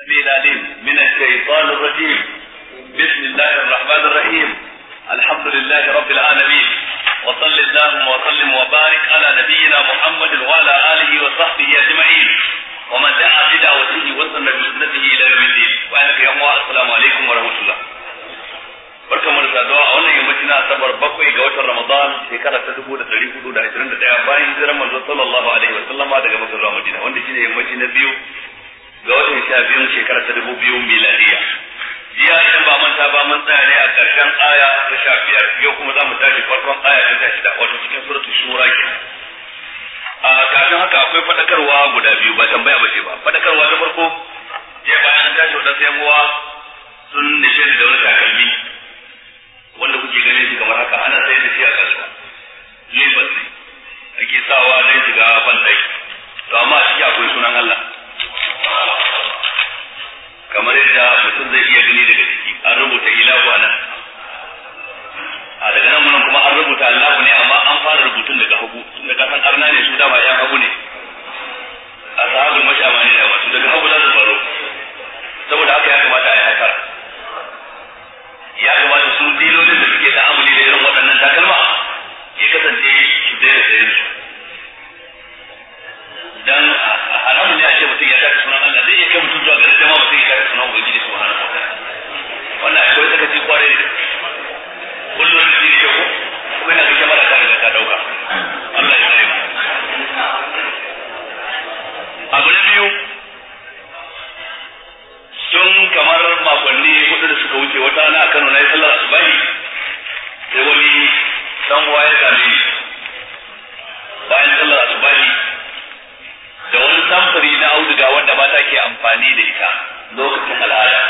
السميع العليم من الشيطان الرجيم بسم الله الرحمن الرحيم الحمد لله رب العالمين وصل اللهم وسلم وبارك على نبينا محمد وعلى اله وصحبه اجمعين ومن دعا بدعوته وسن بسنته الى يوم الدين وانا في اموال السلام عليكم ورحمه الله barkan mu da saduwa a wannan yammaci na asabar bakwai ga watan ramadan shekara ta dubu da ɗari hudu da ashirin da ɗaya bayan hijirar manzo sallallahu alaihi wa sallama daga makar madina wanda shine yammaci na biyu ga watan sha biyun shekarar ta dubu biyu miladiya jiya idan ba manta ba mun tsaya ne a ƙarshen aya ta sha biyar yau kuma za mu tashi farkon aya ta shida wato cikin suratul shura ke a kafin haka akwai faɗakarwa guda biyu ba tambaya ba ce ba faɗakarwa ta farko je bayan an tashi wadansu yan uwa sun nishe da wani takalmi wanda kuke ganin shi kamar haka ana sayar da shi a kasuwa lebas ne ake sawa don shiga ban to amma a ciki akwai sunan Allah kamar yadda mutum zai iya gani daga ciki an rubuta ilahu a nan a daga nan wurin kuma an rubuta allahu ne amma an fara rubutun daga hagu tun da kasan arna ne su dama ya hagu ne a sahabin mashama ne dama su daga hagu za su faro saboda haka ya kamata a yi haka ya kamata su dilolin da suke da amuli da irin waɗannan takalma ya kasance su daina sayan su dan a ce mutum ya sunan Allah zai iya kai mutum zuwa jama'a mutum ya sunan ubangiji wannan akwai kullum da zai ko kuma yana mara kare da ta dauka Allah ya mu abu na biyu sun kamar makonni hudu da suka wuce wata na Kano na yi sallar asubahi sai wani dan uwa ya bayan sallar asubahi samfuri na auduga wanda mata ke amfani da ita lokacin al'ada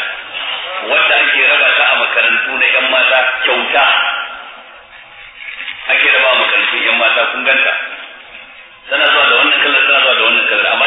wanda ake raba ta a makarantu na 'yan mata kyauta ake raba a makarantu 'yan mata kun ganta sana zuwa da wannan kallon sana zuwa da wannan kallon.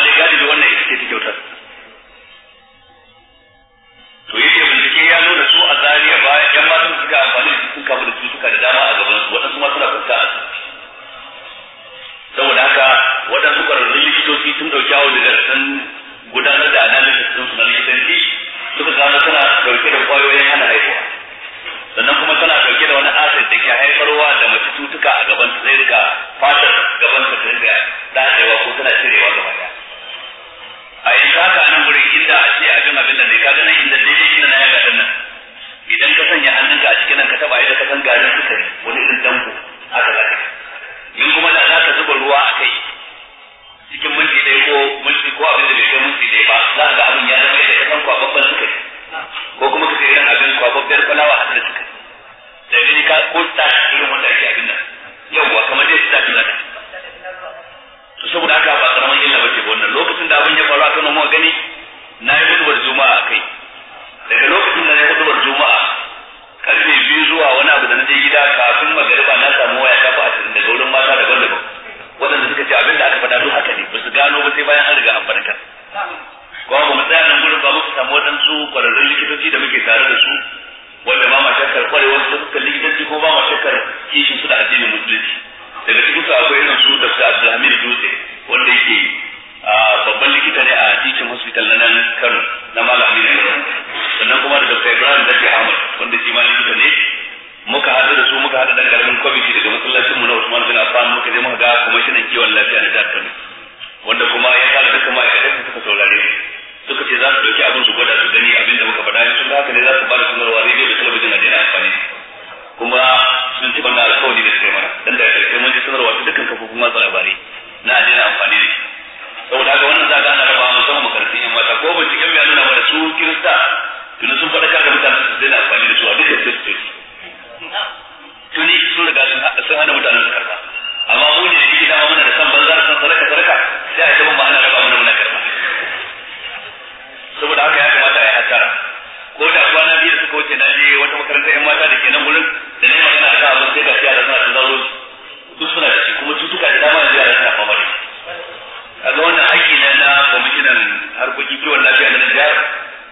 saboda haka ya kamata a yi hasara ko da kwana biyar da suka wuce na je wata makaranta yan mata da ke nan wurin da na yi magana a kan abin sai ga yara suna tazaro duk suna da shi kuma cutuka da dama da yara suna fama da a ga wannan haƙƙi na na kwamishinan harkokin kiwon lafiya na jihar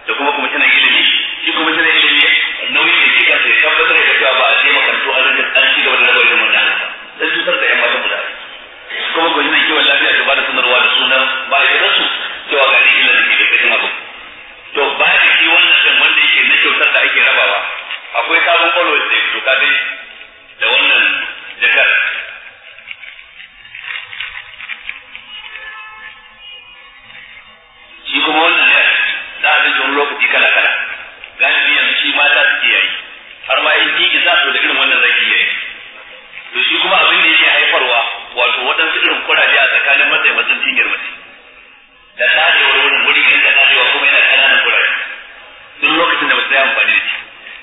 da kuma kwamishinan ilimi shi kwamishinan ilimi nauyin da shi kansa ya tabbatar da cewa ba a je makarantu an rage an ci gaba da rabar ilimin da ba dan cutar da yan mata mu da kuma kwamishinan kiwon lafiya da ba da sanarwa da sunan ba a yi rasu akwai sabon kwallo da ya doka dai da wannan jakar shi kuma wannan ya za a rage wani lokaci kala kala galibi yanzu shi mata suke yayi har ma in ji za su da irin wannan zaki yayi to shi kuma abin da yake haifarwa wato waɗansu irin kuraje a tsakanin matsayin matsayin cinyar mace da tsadewar wurin wuri da tsadewa kuma yana kananan kuraje duk lokacin da ba sai amfani da shi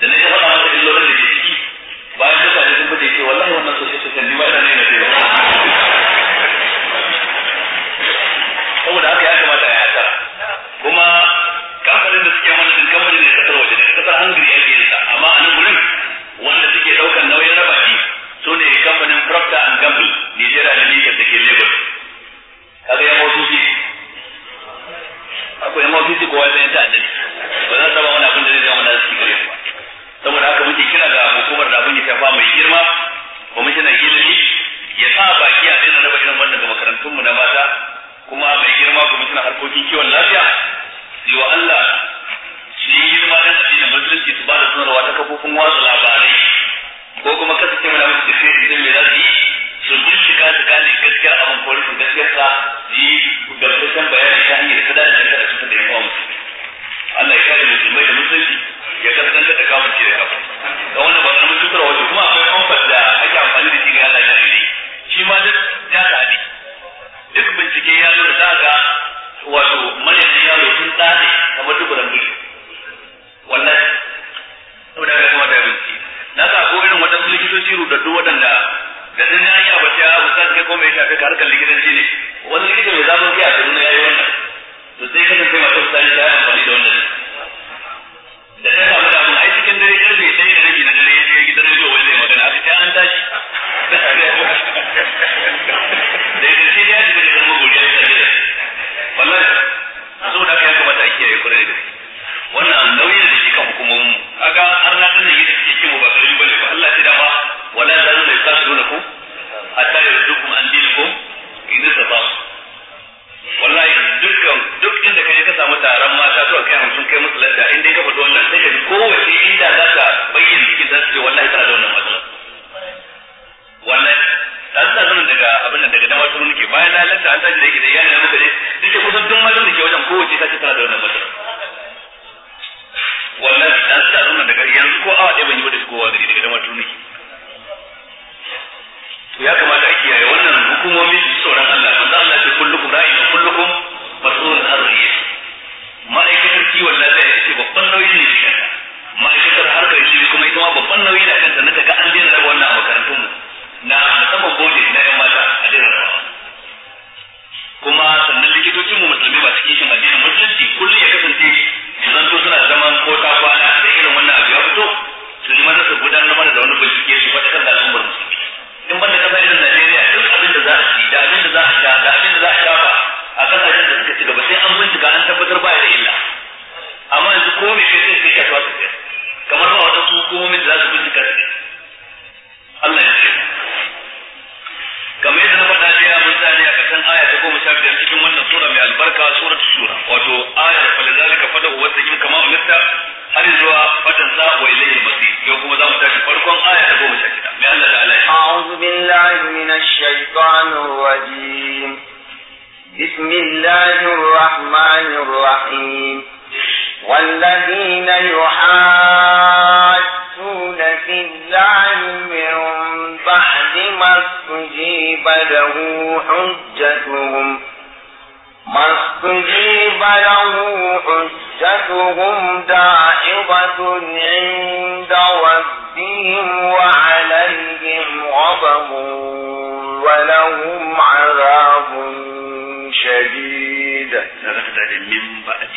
da na ji faɗa masa illolin da ke ciki bayan mutane sun bude ce wallahi wannan sosai sosai ni ma ina ne na ce ba saboda haka ya kamata ya hata kuma kamfanin da suke mana din kamfanin da kasar waje ne kasar hungary ya ke sa amma a nan gurin wanda suke ɗaukar nauyin raba shi su ne kamfanin procter and gamble nigeria da niger da ke lagos kaga yan ofishi akwai yan ofishi kowa sai ta adadi ba za ta ba wani abin da zai zama na su gare ba saboda haka muke kira ga hukumar da abin ya shafa mai girma kwamishinan ilimi ya sa baki a daina raba irin wannan ga makarantunmu na mata kuma mai girma kwamishinan harkokin kiwon lafiya yi wa Allah su yi girma dan addinin musulunci su ba da sanarwa ta kafofin watsa labarai ko kuma kasance ce mana musu tafiya idan me za su yi su bincika su gane gaskiyar abin ko rashin gaskiyar sa su yi gamsashen bayani ta hanyar ta dace da ta da yawa musulmi Allah ya kare musulmai da musulunci ya kasance da kamun ke da kafin da wani ba sanin cutar waje kuma akwai famfas da ake amfani da shi ga Allah ya rage shi ma duk ya tsadi duk bincike ya zo da za ga wato manyan yaro sun tsade kamar duburan biri wallahi saboda ga kuma da bincike na ga ko irin wata likitoci rudaddu waɗanda da sun ya yi abu ya abu sai ko mai shafi harkar likitanci ne wani likita mai zafin kai a cikin yayi wannan to sai kasance masu tsari yi amfani da wannan da ya samu da ai cikin dare yar sai da rabi na dare ya gidan rediyo wani zai magana aka an tashi da ya ce ya ji da zama godiya ya zage wallahi so da ya kamata a kiyaye kwarai da gaske wannan nauyin da shi kan hukumomin mu kaga har na da yi suke kin ba karbi bane ba Allah ya dama wala zalu la yasasunakum hatta yarzukum an dinikum idan sabab wallahi duk tun da kaje ka samu taron mata to kai hamsin kai musu ladda in dai ka fito wannan sai ka ji kowace inda za ka bayyana cikin za su ce wallahi tana da wannan matsala wallahi ta sa zan daga abin da daga damar turu nake bayan na ladda an tashi da yake da iyali na mutane duk da kusan duk mazan da ke wajen kowace ta ce tana da wannan matsala wallahi ta sa zan daga yanzu ko awa ɗaya ban yi wa da kowa gari daga damar turu nake ya kamata a kiyaye wannan hukumomi su tsoron Allah manzo Allah ya ce kullukum ra'ayi kullukum mas'ulun an rayyati ma'aikatar kiwon lafiya ita ce babban nauyi ne shi kanta ma'aikatar harkar shi kuma ita ma babban nauyi da kanta na kaga an daina raba wannan a makarantun mu na musamman boje na yan mata a daina rabawa kuma sannan likitocin mu musulmi ba su kishin addinin musulunci kullum ya kasance su zanto suna zaman ko ta kwana da irin wannan abu ya fito su ji mana su gudanar mana da wani bincike su faɗakar da al'ummar musulmi in banda kasa irin Najeriya duk abin da za a ci da abin da za a sha da abin da za a sha su ba sai an bincika an tabbatar ba da illa amma yanzu ko me kai sai ka tafi ka kamar ba wata hukumomin da za su bincika su Allah ya ce kamar yadda na faɗa ya mun tsaya a ƙasan aya ta goma sha biyar cikin wannan sura mai albarka surat sura wato ayar zalika fada wa yin kama ulitta har zuwa fatan sa wa ilayhi masi yau kuma za mu tafi farkon aya ta goma sha shida mai Allah ta Allah a'udhu billahi minash shaitanir rajim بسم الله الرحمن الرحيم والذين يحاجون في الله من بعد ما استجيب له حجتهم ما استجيب له حجتهم داعظة عند ربهم وعليهم غضب ولهم عذاب شديد من بعد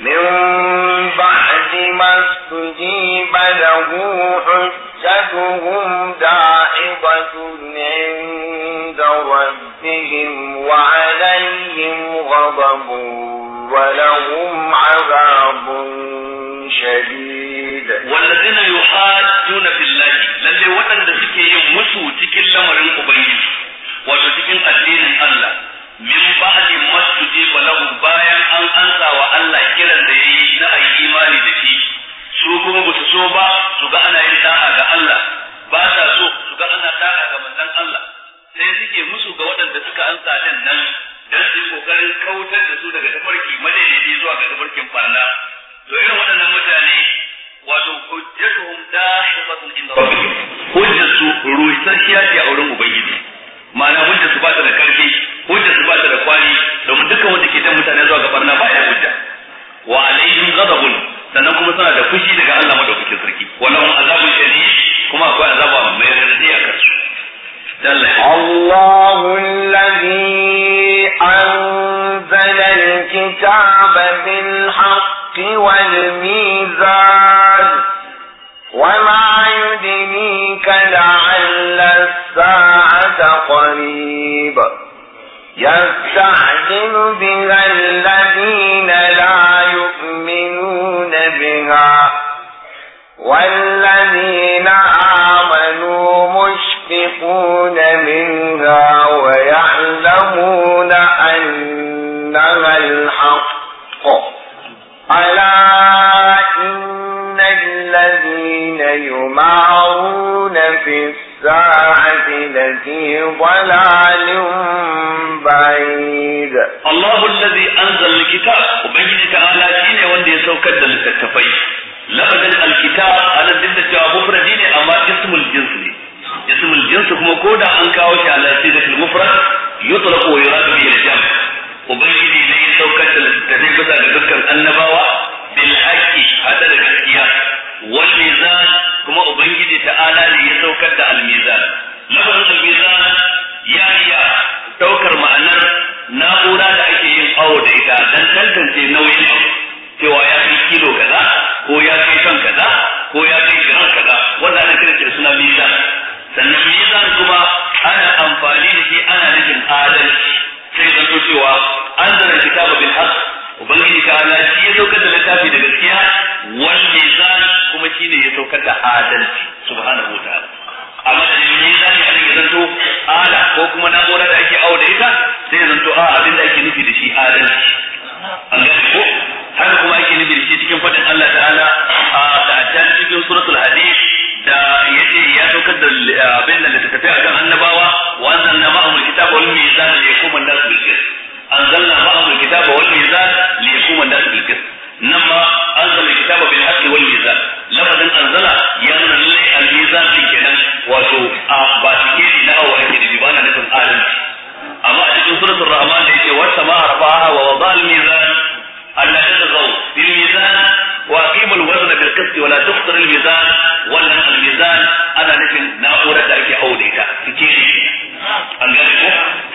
من بعد ما استجيب له حجتهم داعبة عند ربهم وعليهم غضب ولهم عذاب شديد والذين يحاجون في الله للي وطن دسكي يمسو تكلم musu cikin وشتكين قدين الله min ba'di masjidi balahu bayan an ansa wa Allah kiran da yayi na ayi imani da shi su kuma ba su so ba su ga ana yin da'a ga Allah ba sa so su ga ana da'a ga manzon Allah sai suke musu ga waɗanda suka ansa din nan dan su kokarin kautar da su daga tafarki madaidaici zuwa ga tafarkin farna to irin waɗannan mutane wato hujjatuhum dahibatun inda rabbihim hujjatu ruhisasshiya ce a wurin ubangiji ma'ana hujjatu ba ta da karfi hujjar su ba ta da kwari domin dukkan wanda ke dan mutane zuwa gabar na ba ya hujja wa alaihim ghadabun sannan kuma suna da fushi daga Allah madaukakin sarki walahum azabun shadid kuma akwai azaba mai radadi a kansu الله الذي أنزل الكتاب بالحق والميزان وما يدريك لعل الساعة قريب يستعجل بها الذين لا يؤمنون بها والذين آمنوا مشفقون منها ويعلمون أنها الحق ألا الذين يمعون في الساعة التي ضلال بعيد الله الذي أنزل الكتاب وبيجي تعالى شيني وندي سوكد للتكفي لفظ الكتاب على الدين مفردين أما اسم الجنس اسم الجنس هو كودا أنكاوش على سيدة المفرد يطلق ويراد به الجمع وبيجي ne saukar da littattafai bisa النبوة بالحكي هذا bil wal mizan kuma ubangiji ta'ala ne ya saukar da al mizan lafazin ya iya daukar ma'anar na'ura da ake yin awo da ita dan tantance nauyin abu cewa ya kai kilo kaza ko ya kai ton kaza ko ya kai gram kaza wannan ana kiran suna mizan sannan mizan kuma ana amfani da shi ana nufin adalci sai zanto cewa an ubangiji shi ya saukar da littafi da gaskiya kuma shine ya saukar da adalci subhanahu wa ta'ala a madadin ne za mu a ya to ala ko kuma na gora da ake awo da ita sai zan to a abin da ake nufi da shi adalci an gane ko haka kuma ake nufi da shi cikin faɗin Allah ta'ala a da ta cikin suratul hadid da yace ya saukar da abin da tafiya kan annabawa wa anzalna ma'ahu alkitaba wal mizan liyaquma an-nas bil qist anzalna ma'ahu alkitaba wal mizan liyaquma an-nas bil qist nan ma anzalna alkitaba bil haqqi wal mizan lafazin anzala ya nuna lallai almizan din kenan wato a ba shi ne na hawa yake da ba na nufin adalci amma a cikin suratul rahman da yake wata ma rafa'a wa wada almizan alla tazau bil mizan wa aqimu alwazna bil qist wa la tukhtir almizan wannan almizan ana nufin na'urar da ake aure ta take an gane ko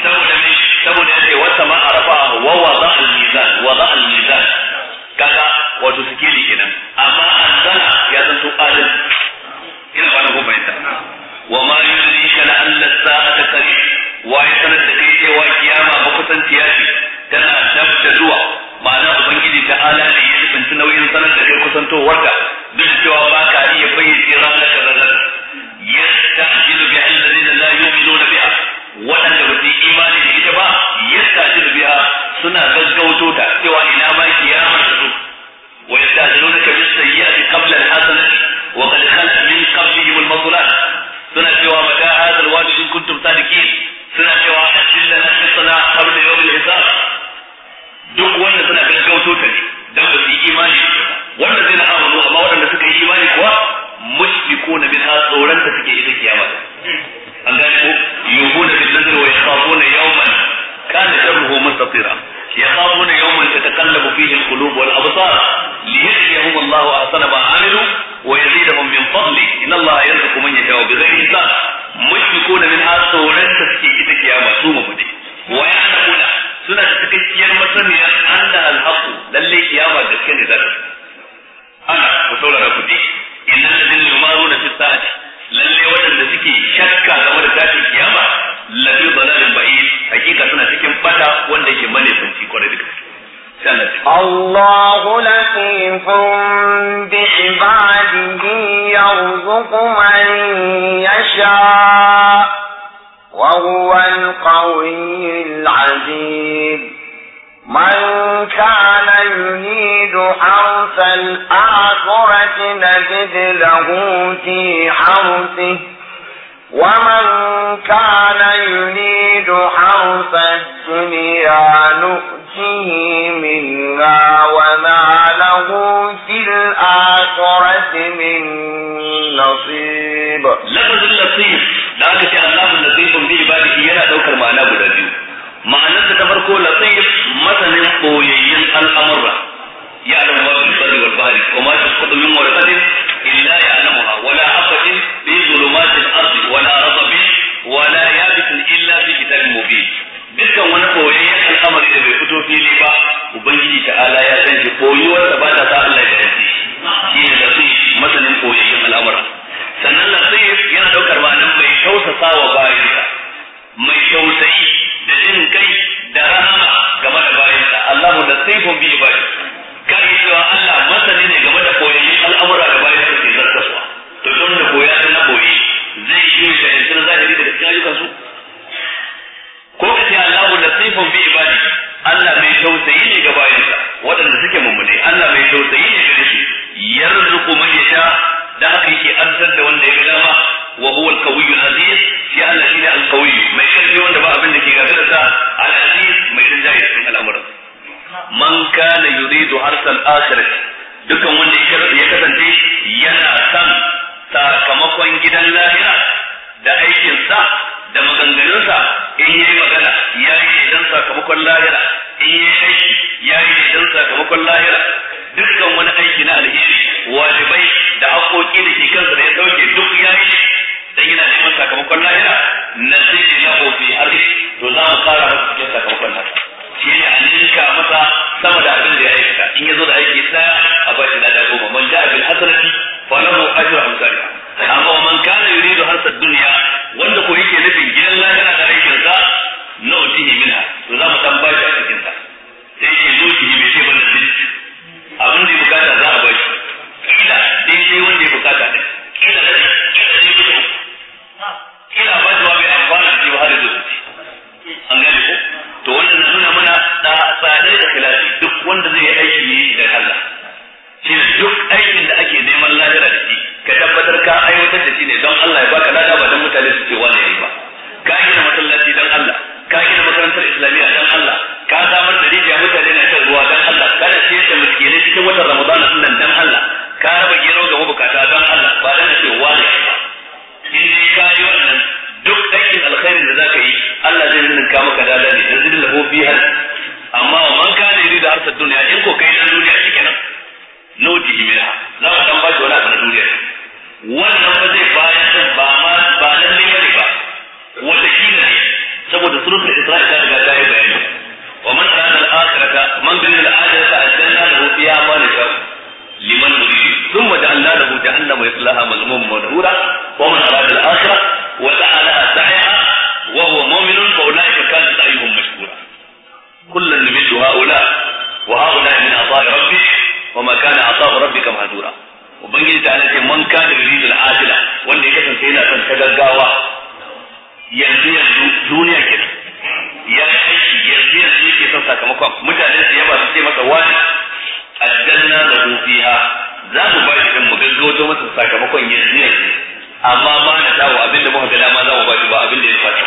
saboda me saboda yake wata ma rafa'a wa wada almizan wada almizan kaga wato suke kusantiya ce tana dabta zuwa ma'ana ubangiji ta ala ne ya nufinci nauyin sanar da kai kusantowar da duk cewa ba ka iya bayyana ranar da ranar yastajilu bi alladhina la yu'minuna biha waɗanda ba su imani da ita ba yastajilu biha suna gaggauto ta cewa ina ma kiyama ta zo wa yastajilunaka bis sayyi'ati qabla al-hasanati wa qad khalat min qablihim al-mazlat suna cewa mata hadha al-wa'd in kuntum sadiqin suna cewa ajil lana so ta ne dan ba su yi imani wannan zai na amanu amma waɗanda suka yi imani kuwa mushrikuna minha tsoron da suke ita kiyama an gane ko yuhuna bil nadri wa yakhafuna yawman kana sharruhu mustatira يخافون يوما تتقلب فيه القلوب والابصار ليجزيهم الله احسن ما عملوا ويزيدهم من فضله ان الله يرزق من يشاء بغير حساب مشركون من هذا سورة تسكي تكيا مسومة بدي ويعلمون suna da cikakkiyar masaniyar Allah al-haqu lalle kiyama gaske ne za ta ana ku saurara ku ji inna ladin yumaru na sa'ati lalle wadanda suke shakka game da tashin kiyama lafi balalin bai hakika suna cikin fata wanda yake mane sun ci kwarai da gaske الله لطيف بعباده يرزق من يشاء وهو القوي العزيز من كان يريد حرث الآخرة نجد له في حرثه ومن كان يريد حرث الدنيا نؤتيه منها وما له في الآخرة من nasib lafazin nasib da aka ce Allahu nasibun bi ibadihi yana daukar ma'ana guda biyu ma'anarsa ta farko latif masanin koyayyen al'amura ya alamu ma fi sirri wal bahri wa ma tasqutu min warqatin illa ya'lamuha wala habatin fi zulumatil ardi wala ratbin wala yabisin illa fi kitabin mubin dukkan wani koyayyen al'amari da bai fito fili ba ubangiji ta'ala ya san shi koyuwar da ba ta sa Allah ya tausasa wa bayansa mai tausayi da jin kai da rahama game da bayansa Allahu da saifun bi bayi ka yi cewa Allah masani ne game da koyayyun al'amura da bayansa ke zartaswa to don da koya da na koyi zai yi iya shahintar zahiri daga cikin ayyukan su ko ka ce Allahu da saifun bi bayi Allah mai tausayi ne ga bayansa waɗanda suke mummune Allah mai tausayi ne ga shi yarzuku man yasha da haka yake arzar da wanda ya ga dama wa huwa al-qawiy al-aziz ya Allah shine al-qawiy mai karfi wanda ba abin da ke gagara sa al-aziz mai rinjaye cikin al'amuran man kana yuridu harsal akhirah dukkan wanda ya kasance yana san sakamakon gidan lahira da aikin sa da maganganun sa in yi magana ya yi idan sakamakon lahira in yi aiki ya yi idan sakamakon lahira dukkan wani aiki na alheri wajibai da haƙoƙi da ke kansa da ya sauke duk ya yi dan yana neman sakamakon lahira na sai ya fi arzi to za mu kara masa cikin sakamakon lahira shi ne a ninka masa sama da abin da ya aikata in ya zo da aiki daya a ba shi lada goma man ja'a bil hasanati lahu ajru amsalha amma man kana yuridu hasa dunya wanda ko yake nufin gidan lahira da aikin sa na utihi minha to za mu tambaya a cikin sa sai ke zo ki bi shi ban abin da ya bukata za kila ba jawa bai amfana da ba har an gane ko to wannan da da khilafi duk wanda zai aiki ne da Allah shi duk aikin da ake neman lahira da shi ka tabbatar ka aiwatar da shi ne don Allah ya baka lada ba don mutane su ce wani ba ka gina masallaci don Allah ka gina makarantar islamiyya dan Allah ka samar da rijiya mutane na shan ruwa don Allah ka shi da cikin watan nan don Allah ka raba gero ga mabukata Allah bihan amma wa man kana yuridu harsa dunya in ko kai dan duniya shikenan noti himina za mu dan bashi wani abu na duniya wannan ba zai bayan din ba ma ba lalle ne ba wata kila ne saboda da isra ta riga ta yi bayani wa man arada al-akhirata man bin al-akhirata ajjalna lahu fiha ma nasha liman yurid thumma ja'alna lahu jahannama yaslaha mazmuman madhura wa man arada ubangiji ta ce man da yuridul ajila wanda ya kasance yana son ta gaggawa yanzu yanzu duniya ke ya aiki yanzu yanzu yake son sakamakon mutane su yaba su ce masa wani aljanna da fiha za mu ba shi mu gaggauto masa sakamakon yanzu yanzu amma ba na dawo abinda muka ga dama za mu ba shi ba abinda ya fata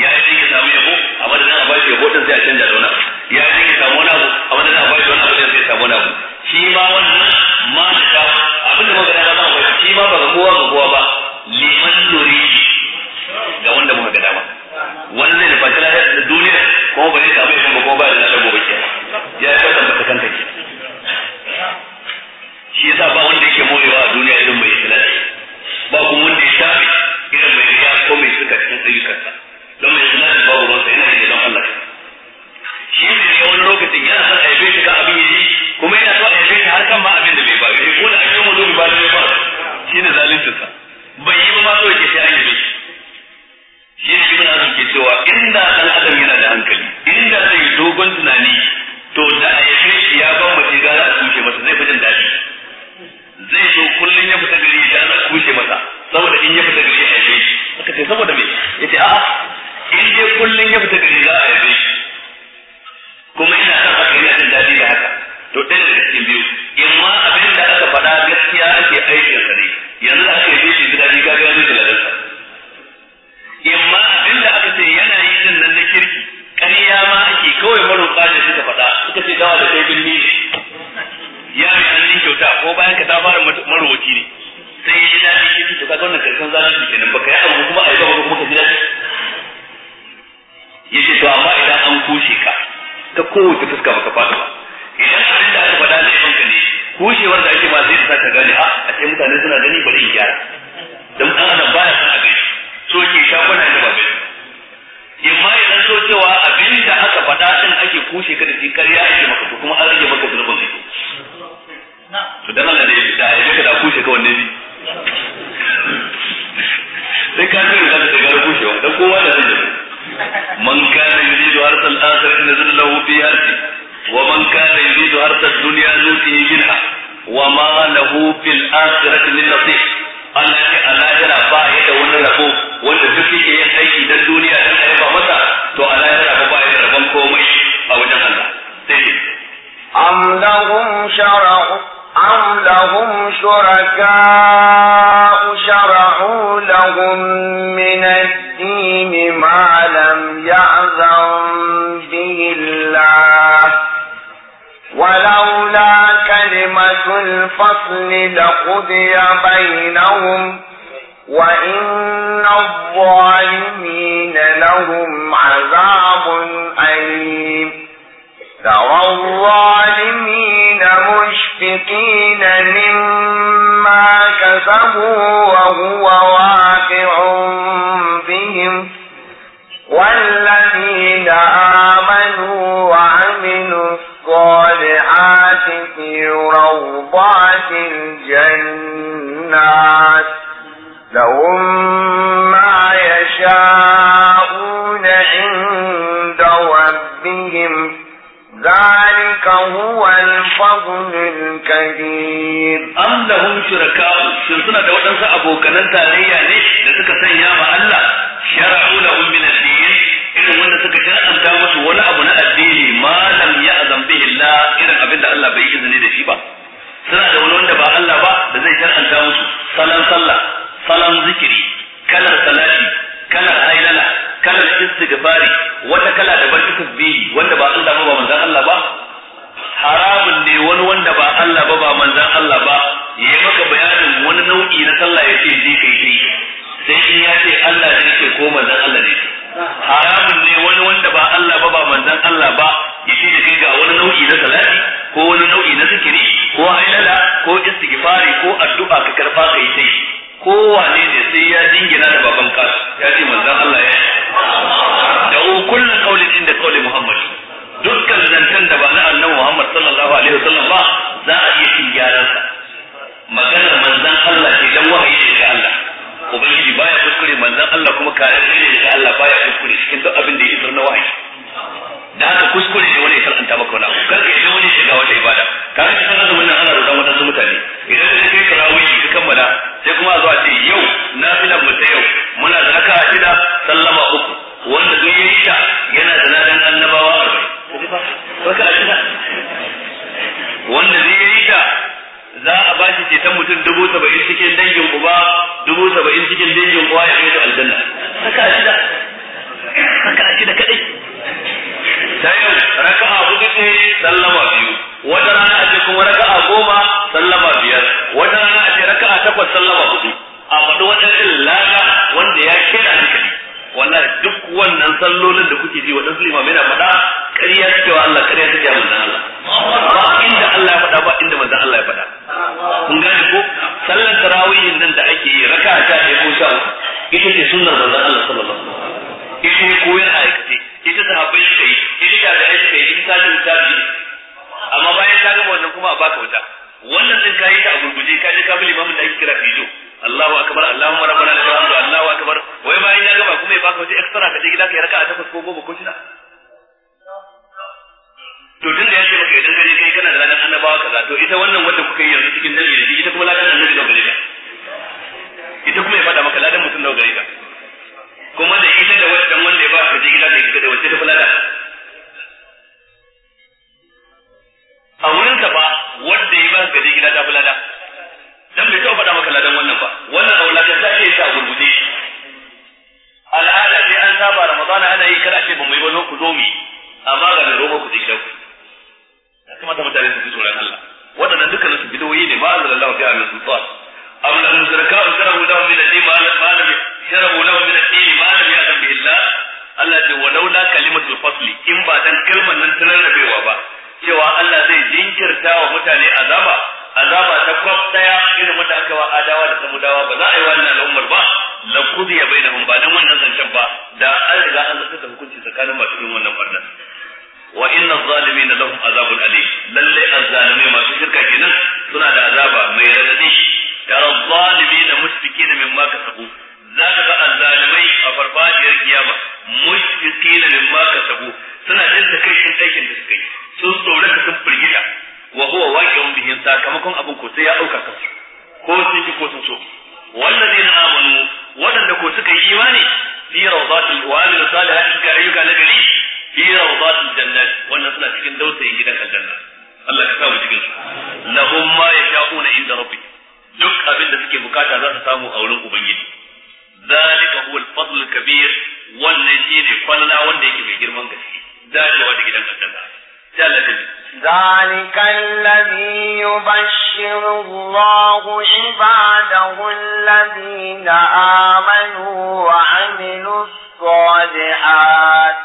ya yi ka samu yabo a madadin a bashi yabo din sai a canja da wani ya yi ka samu wani abu a madadin a bashi wani abu din sai a samu wani abu shi ma wannan ma mu ta abin da muka dama ba shi ma ba ga kowa ga kowa ba liman nuridi ga wanda muka dama wanda zai ne lahiyar da duniya kuma ba zai samu ikon ba ko ba da lafiyar gobe ke ya yi kwasan ba ta kanta ke shi yasa ba wanda yake morewa a duniya irin mai islami ba kuma wanda ya shafe irin mai riya ko mai suka cikin ayyukansa don mai islami babu ruwansa yana yin don Allah shi ne wani lokacin yana son a yabe shi ka abin yi kuma yana kan ma abin da bai ba shi eh, ko da a cikin wudu ba da ba ne zalincin sa bai yi ma so yake sai an yi shi ne ibn azum ke cewa inda dan adam yana da hankali inda zai dogon tunani to da a yi shi ya ban mace ga za a kushe masa zai fi jin daɗi zai so kullun ya fita gari da ana kushe masa saboda in ya fita gari a yi shi aka ce saboda me ce a, in dai kullun ya fita gari za a yi shi kuma ina son haka ina jin daɗi da haka to ɗaya daga cikin biyu in ma abin da aka faɗa gaskiya ake aikin sa ne yanzu da aka yi shi gida ni ga gani da ladarsa in ma abin da aka ce yana yi din nan na kirki ƙarya ma ake kawai maroƙa da suka faɗa suka ce dawa da kai binni ne ya mai hannun kyauta ko bayan ka ta fara maroƙi ne sai ya ji daɗi ya ce to kaga wannan karshen zalunci kenan baka yi abu kuma a yi gaba kuma ka ji daɗi yace to amma idan an kushe ka ta kowace fuska baka faɗi ba kushewar da ake ba zai sa ta gane a ah, a ce mutane suna gani bari in gyara dan dan adam baya son a gani so ke shafa na da ba gani imma idan so cewa abin da aka faɗa din ake kushe ka da shi ƙarya ake maka to kuma an rage maka zulubin kai to dan Allah da ya fita ya maka da kushe ka wanne ne. sai ka tsaya da ta gara kushewa dan kowa da zai man kana yuridu arsal akhirati nazallahu fi arsi ومن كان يريد أرض الدنيا نوته منها وما له في الآخرة من نصيب Allah ne a lahira ba ya da wani rabo wanda duk yake yin aiki don duniya don a yaba masa to a lahira ba ya da rabon komai a wajen Allah sai am lahum shara'u am lahum shuraka'u shara'u lahum min ad-din ma lam ya'zam bihi Allah ولولا كلمة الفصل لقضي بينهم وإن الظالمين لهم عذاب أليم ترى الظالمين مشفقين مما كسبوا وهو واقع بهم والذين آمنوا بعد الجنات لهم ما يشاءون عند ربهم ذلك هو الفضل الكبير أم لهم شركاء سنسنا دوتن سأبو كنن تاريا ليش لسك سيام الله شرعوا لهم من الدين إن وانا سك شرعا دامس ولا أبناء الدين ما لم يأذن به الله إذا أبدا الله بإذن لشيبا suna da wani wanda ba Allah ba da zai shar'anta musu salan sallah salan zikiri kalar salati kalar ailala kalar istighfari wata kala da barki tasbihi wanda ba Allah ba ba manzon Allah ba haramun ne wani wanda ba Allah ba ba manzon Allah ba yayi maka bayanin wani nau'i na sallah yace ji kai kai sai in ya ce Allah ne yake ko manzon Allah ne haramun ne wani wanda ba Allah ba ba manzon Allah ba yace da kai ga wani nau'i na salati ko wani nau'i na zikiri ko hailala ko istighfari ko addu'a ka karba kai sai kowane ne sai ya dingina da baban kasu ya ce manzon Allah ya da kullu qaulin inda qauli Muhammad dukkan zancen da ba na annabi Muhammad sallallahu alaihi wasallam ba za a iya cin gyaran sa maganar manzon Allah ce dan wahayi ne ga Allah ubangiji baya kuskure manzon Allah kuma kare ne ga Allah baya kuskure cikin duk abin da ya isar na wahayi da haka kuskure ne wani ya shar'anta maka wani abu ka yi wani shiga wata ibada ka ga cikin azumin nan ana wata wadansu mutane idan ka kai tarawih ka kammala sai kuma a zo a ce yau na fi mu ta yau muna da haka a shida sallama uku wanda duk yi ta yana da ladan annabawa a shida wanda zai yi ta za a ba shi ceton mutum dubu saba'in cikin dangin uba dubu saba'in cikin dangin uwa ya kai su aljanna haka a shida raka a shida kadai ta yau raka'a hudu ce sallama biyu wata rana a ce kuma raka'a goma sallama biyar wata rana a ce raka'a takwas sallama hudu a faɗi waɗansu lada wanda ya kira hankali wallahi duk wannan sallolin da kuke ji waɗansu limamai na faɗa ƙarya cewa Allah ƙarya take a manzan Allah ba inda Allah ya faɗa ba inda manzan Allah ya faɗa kun gane ko sallar tarawihin nan da ake yi raka'a ta ɗaya ko sha uku ita ce sunnar manzan Allah sallallahu alaihi wasallam ita ya koyar a aikace ita sahabbai suka yi ita jami'ai suka yi ita tajin tabi amma bayan ta gama wannan kuma a baka wuta wannan din kayi ta a gurguje ka je ka bi limamin da ake kira fijo Allahu akbar Allahumma rabbana lakal hamdu Allahu akbar wai bayan ya gama kuma ya baka wata extra ka je gida ka yi raka'a takwas ko goma ko shida to tun da ya ce maka idan kai kana da ladan annabawa kaza to ita wannan wanda kuka yi yanzu cikin dalili ita kuma ladan annabi da gare ita kuma ya fada maka ladan mutum da gare ta kuma da ita da wancan wanda ya ba ka je gida da ita da wancan kula da a wurin ka ba wanda ya ba ka je gida da kula da dan bai taɓa faɗa maka ladan wannan ba wannan a wulakan ta ce ta gurguje al'ada ne an saba ramadana ana yi kar a ce ba mu yi ba ku zo mu amma ga da roba ku je da ku ya ta mutane su fi tsoron Allah waɗannan dukkanin su bidoyi ne ma'azalallahu fi amin sultan amma da musarka an karahu da mu da ne ma'alamin Jarabu lahu min al-ilmi ma lam ya'lam bi illa Allah ce walau la kalimatul fasli in ba dan kalman nan ta rarrabewa ba cewa Allah zai jinkirta wa mutane azaba azaba ta kwaf daya irin wanda aka wa adawa da samudawa ba za a yi wannan al'ummar ba la qudiya bainahum ba dan wannan zancen ba da an riga an zata da hukunci tsakanin masu irin wannan farda wa inna zalimin lahum azabun alim lalle azzalimi masu shirka kenan suna da azaba mai radadi bi da mushrikin mimma kasabu za ka ga azzalimai a farfajiyar kiyama mushfiqina mimma kasabu suna jin takaicin aikin da suka yi sun tsorata sun firgita wa huwa waqi'un bihim sakamakon abin ko sai ya dauka kansu ko sun ki ko sun so والذين آمنوا ودن كو سكا إيماني ka روضات الوالد الصالح سكا أيوكا نجري في روضات الجنة والنصلة سكن Allah يجدك sa mu كتابه تكن لهم ما يشاءون عند ربي duk abin da suke bukata za su samu a wurin ubangiji ذلك هو الفضل الكبير والذين قلنا وندي كي بيرمان كسي ذلك هو دي جدان كتابا ذلك الذي يبشر الله عباده الذين آمنوا وعملوا الصالحات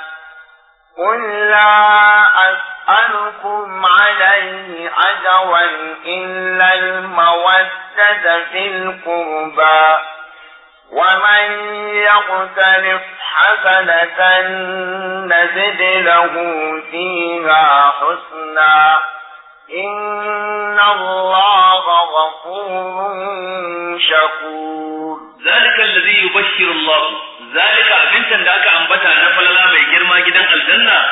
قل لا أسألكم عليه أجرا إلا المودة في القربى ومن يقترف حسنة نزد له فيها حسنا إن الله غفور شكور ذلك الذي يبشر الله ذلك أبنت ذاك أنبتا نفل بيجر ما جدا الجنة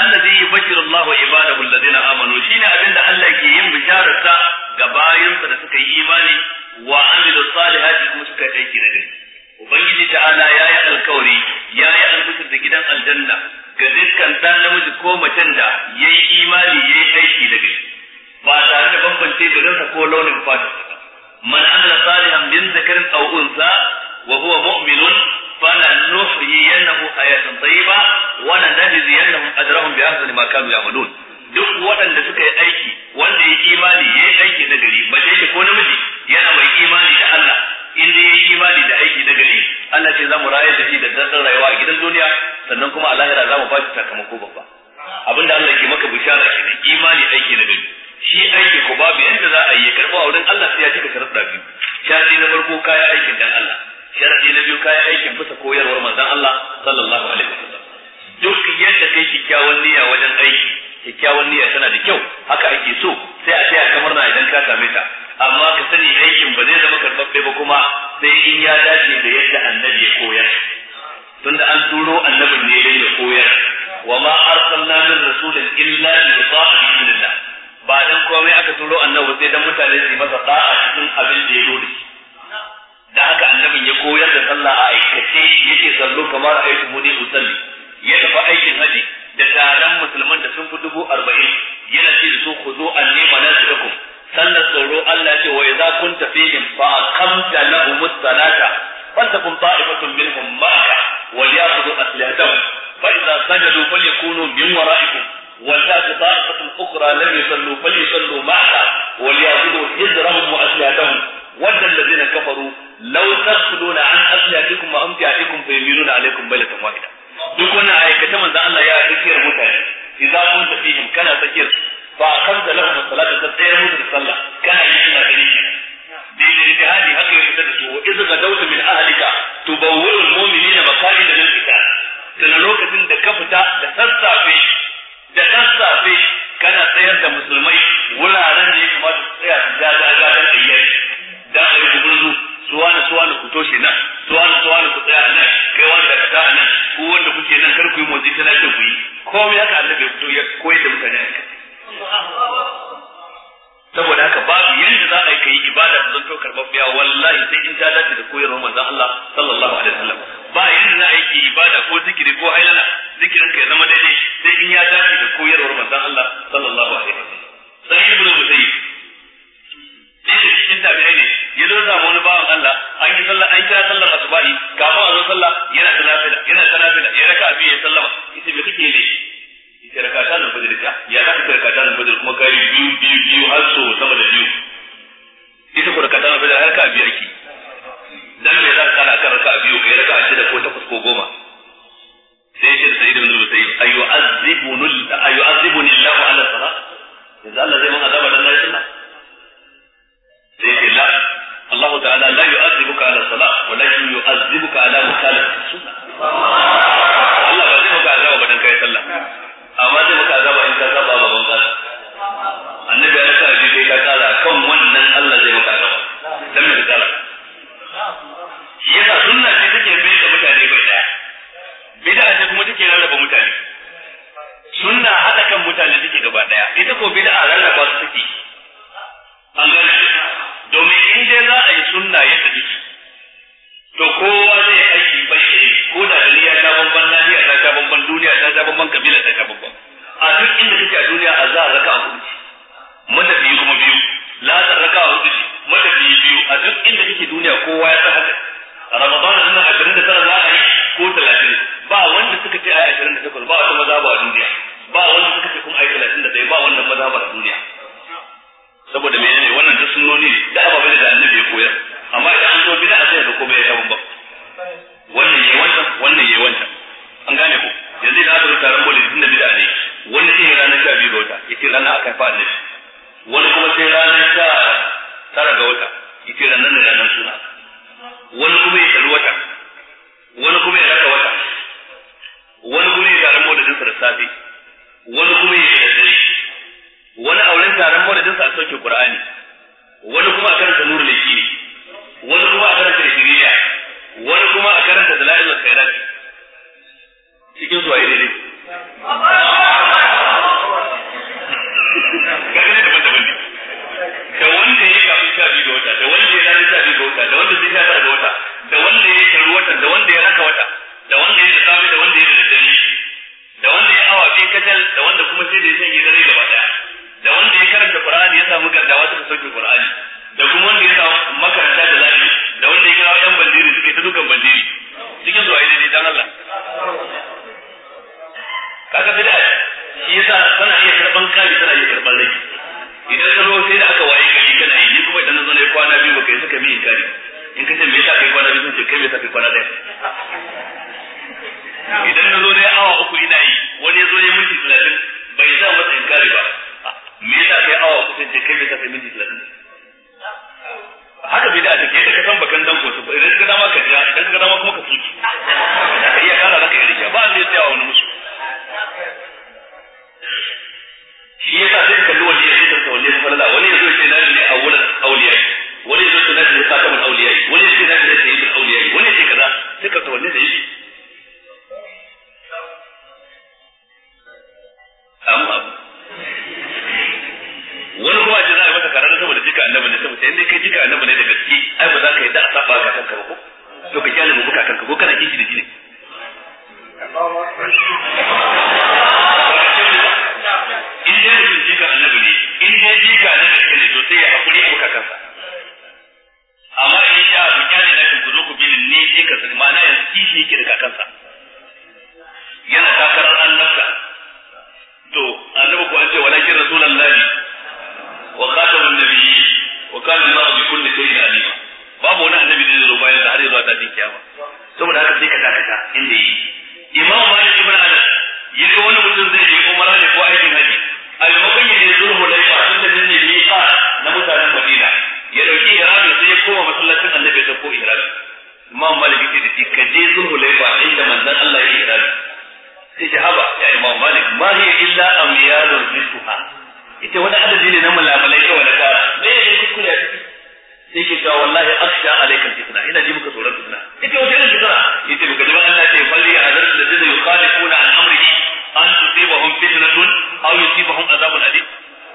الذي يبشر الله عباده الذين آمنوا شين أبنت الله كي يم بشارة gabayinsa wa amilu salihati kuma suka yi aiki na gari ubangiji ta'ala ya yi alkawari ya yi albishir da gidan aljanna ga dukkan dan namiji ko macen da ya yi imani ya yi aiki na gari ba tare da bambance garinsa ko launin fata man amila salihan min zakarin aw unsa wa huwa mu'minun فلنحيينه حياة طيبة ولنجزينهم أجرهم بأحسن ما كانوا يعملون duk waɗanda suka yi aiki wanda ya imani ya yi aiki na gari mace ko namiji yana mai imani da Allah in dai yi imani da aiki na gari Allah ce zamu rayar da shi da dadin rayuwa a gidan duniya sannan kuma a lahira zamu ba shi sakamako babba abinda Allah ke maka bishara kenan imani aiki na gari shi aiki ko babu yanda za a yi karɓa wurin Allah sai ya cika sharuɗa biyu sharadi na farko kaya aikin dan Allah sharadi na biyu kaya aikin bisa koyarwar manzon Allah sallallahu alaihi wasallam duk yadda kai kikkiawan niyya wajen aiki kikkiawan niyya tana da kyau haka ake so sai a taya kamar na idan ka same ta amma ka sani aikin ba zai zama karɓaɓɓe ba kuma sai in ya dace da yadda annabi ya koyar tunda an turo annabi ne dai ya koyar wa ma arsalna min rasulin illa bi ta'ati ba dan komai aka turo annabi sai dan mutane su masa ta'a cikin abin da ya dole. da da haka annabin ya koyar da sallah a aikace yake sallo kamar aiki mudi usalli ya tafi aikin haji da taron musulman da sun fi dubu arba'in yana ce da su ku zo an nema na sallar tsoro Allah ce wa idza kunta fihim fa aqamta lahum as-salata fantakum ta'ifatun minhum ma'aka wal ya'khudhu aslihatahum fa idza sajadu falyakunu min wara'ikum wal ta'ti ta'ifatun ukhra lam yusallu falyusallu ma'aka wal ya'khudhu hijrahum wa aslihatahum wadda alladhina kafaru law tasduna an aslihatikum wa amtiatikum fa yamiluna alaykum baylatan wahida duk wannan ayyuka ta manzo Allah ya rikiyar mutane idza kunta fihim kana tsakiyar fa akhadha lahum as-salata ta tsayar musu da sallah kana yi suna gani shi bil jihadi haka ya fita da su wa idza gadawta min ahlika tubawwiru al-mu'minina maqa'ida lil qital tana lokacin da ka fita da sassafe kana tsayar da musulmai wuraren da ya kamata su tsaya su ja ja ja da ayyar da ayi gumurzu suwa na suwa na ku toshe nan ku tsaya nan kai nan wanda kuke nan kar ku yi motsi tana ku yi haka ya fito saboda haka babu yadda za a yi kai ibada da zanto karbabbiya wallahi sai in ta dace da koyarwar manzon Allah sallallahu alaihi wasallam ba yadda za a yi ibada ko zikiri ko ailana zikirin ka ya zama daidai sai in ya dace da koyarwar manzon Allah sallallahu alaihi wasallam sai ibnu musayyib sai cikin tabi'ai ne ya zo da wani bawan Allah an yi sallah an kira sallar asubahi kafin a zo sallah yana da lafiya yana da lafiya ya raka abin ya sallama ita bai kike ne rakata nan fajr ka ya za ka rakata da fajr kuma kai biyu biyu biyu har so sama da biyu ita ko rakata nan fajr har ka biyar ki dan me za ka kana kan raka biyu kai raka shida ko takwas ko goma sai shi sai ibn Musayyib ayu azibun ayu azibun Allah ala salat yanzu Allah zai mun azaba dan nayi sunna sai ce la Allah ta'ala la yu'azibuka ala salat walakin yu'azibuka ala mukhalafati sunnah Allah ba zai maka azaba dan kai sallah amma zai maka azaba in ka saba ba ban kasa annabi ya sa ji sai ka kara kan wannan Allah zai maka azaba dan me kara yasa sunna ce take bai da mutane bai daya bid'a ce kuma take rarraba mutane sunna hada kan mutane take gaba daya ita ko bid'a rarraba su take an gane domin in dai za a yi sunna yadda take to kowa zai aiki Najeriya ta bamban nahiya ta ta bamban duniya ta ta bamban kabila ta ta bamban a duk inda kake a duniya a za a raka a hudu matafiyi kuma biyu ta raka a hudu matafiyi biyu a duk inda kake duniya kowa ya san haka Ramadan da nan ashirin da tara za a yi ko talatin ba wanda suka ce a yi ashirin da takwas ba wata maza ba a duniya ba wanda suka ce kuma a yi talatin da ɗaya ba wanda maza ba a duniya saboda menene wannan duk ne da ababen da annabi ya koyar amma idan an zo bid'a sai ga komai ya yi wannan ne wannan yayi wancan an gane ko yanzu da aka taron boli tun da bid'a ne wani sai ranar sha biyu ga wata yace ranar aka fa Allah wani kuma sai ranar sha tara ga wata yace ranar da ranar suna wani kuma ya tsari wata wani kuma ya raka wata wani kuma ya taron sa da safe wani kuma ya yi dare wani auren taron boli din a sauke qur'ani wani kuma a karanta shi ne wani kuma a karanta shiriya wani kuma a karanta da dalailul khairat cikin zuwa daidai gani daban daban ne da wanda ya kafin sha biyu da wata da wanda ya rana sha biyu ga wata da wanda zai sha tara ga wata da wanda ya shirin wata da wanda ya raka wata da wanda ya da safe da wanda ya da dare da wanda ya awa biyu kacal da wanda kuma sai da ya sanya dare gaba daya da wanda ya karanta qur'ani ya samu gardawa suka sauke qur'ani da kuma wanda ya samu makaranta da lafiya da wanda ya kira yan bandiri suke ta dukan bandiri cikin su ayi daidai dan Allah kaga bid'a shi yasa tana iya karban kari tana iya karban rai idan ka zo sai da aka waye gari kana yi ni kuma idan na zo na kwana biyu ba yi suka miyi kari in ka ce me yasa kai kwana biyu sun ce kai me yasa kai kwana ɗaya idan na zo na awa uku ina yi wani ya zo ya minti talatin bai sa masa kari ba ah, me yasa kai awa uku sun ce kai me yasa kai minti talatin haka bai da a take ka san bakan dan ko su, idan ka dama ka jira idan ka dama kuma ka tuki iya kana zaka yi rikiya ba zai tsaya wani musu shi yasa sai kalli wani ya zai ta wani la, wani ya zo ce nan ne wurin auliya wani ya zo ce nan ne sakamun auliya wani ya ce nan ne sayyidul auliya wani ya ce kaza sai ka wani da yi amma wani kuma ka karar saboda jika annabi ne saboda in dai kai jika annabi ne da gaske ai ba za ka yadda a saba ga kanka ba ko to ka kyale mu kanka ko kana kishi da jini ne in dai mutum jika annabi ne in dai jika ne da kake to sai ya hakuri a kanka amma in ya abu kyale na ku zo ku bi ne sai ka sani ma'ana yanzu kishi yake da kanka yana takarar annabi to annabi ko an ce walakin rasulullahi wa khatamun nabiyyi wa kana Allahu bi kulli shay'in alima babu wani annabi da zai zo bayan da har zuwa ta din kiyama saboda haka sai ka dakata inda yi imam malik ibn anas yace wani mutum zai je umara ne ko aikin haji a maimakon ya je zurhu da ya tun da ne miqa na mutanen madina ya dauki ihramin sai ya koma masallacin annabi da ko ihramin imam malik yace da shi ka je zurhu da ya inda manzon Allah ya ihramin sai ce haba ya imam malik ma hiya illa amyalun rizquha ita wani adadi ne na mulamalai kawai da kara me ne kuskure a ciki sai ke cewa wallahi aksha alaikal fitna ina ji muka tsoron fitna ita wata irin fitna ita muka ji Allah ce falli a zarar da zai yukhalifuna an amrihi an tusibahum fitnatun aw yusibahum azabun alim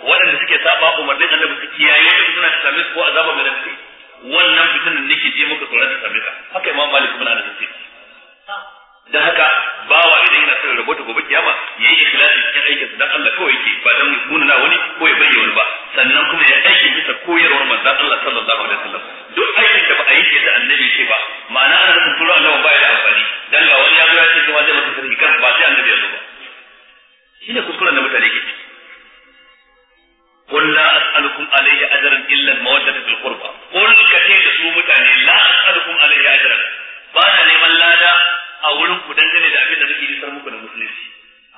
waɗanda suke saba umarnin annabi su kiyaye da suna ta same ko azaba mai rafi wannan fitnan nake ji muka tsoron ta same ka haka imam malik ibn anas ce da haka bawa idan yana son rubuta gobe kiyama ya yi ikhlasi cikin aikin sa dan Allah kawai yake ba dan na wani ko ya bayyana wani ba sannan kuma ya aiki bisa koyarwar manzon Allah sallallahu alaihi wasallam duk aikin da ba a yi shi da annabi ce ba ma'ana ana nufin turo Allah ba ya da amfani dan ga wani ya zo ya ce kuma zai mutu sirri kan ba sai annabi ya zo ba shine kuskuren da mutane ke ciki قل لا أسألكم عليه أجرا إلا المودة في القربى قل كثير سو متعني لا أسألكم عليه أجرا ba na neman lada. a wurin ku dangane da abin da nake isar muku da musulunci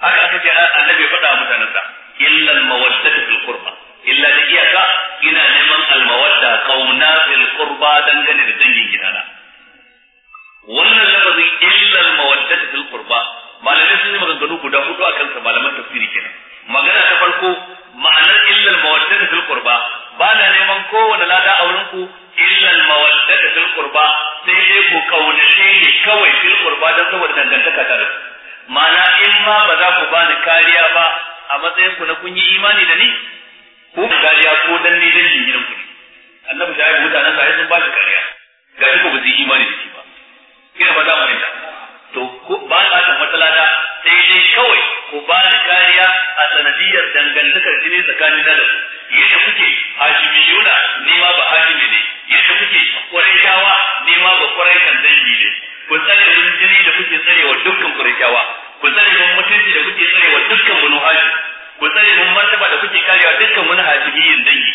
haka aka ce annabi ya faɗa mutanen sa illa al fil qurba illa da iyaka ina neman al-mawadda qauna fil qurba dangane da dangin gidana wannan lafazin illa al fil qurba malamai sun yi maganganu guda hudu akan sa malaman tafsiri kenan magana ta farko ma'anar illa al-mawaddatu fil qurba ba na neman kowane lada a wurin ku illa mawaddata fil qurba sai dai ku kaunace ni kawai fil qurba dan saboda dangantaka ta da ma'ana in ma ba za ku bani kariya ba a matsayin ku na kun yi imani da ni ku kariya ko dan ni dan gidan ku annabi da ya mutanen sa sun ba shi dangantakar jini tsakanin da su yadda kuke hashimiyuna ni ma ba hashimi ne yadda kuke ƙwarishawa ni ma ba ƙwarashan dangi ne ku tsare mun jini da kuke wa dukkan ƙwarishawa ku tsare mun mutunci da kuke wa dukkan wani Haji, ku tsare mun martaba da kuke karewa dukkan wani yin dangi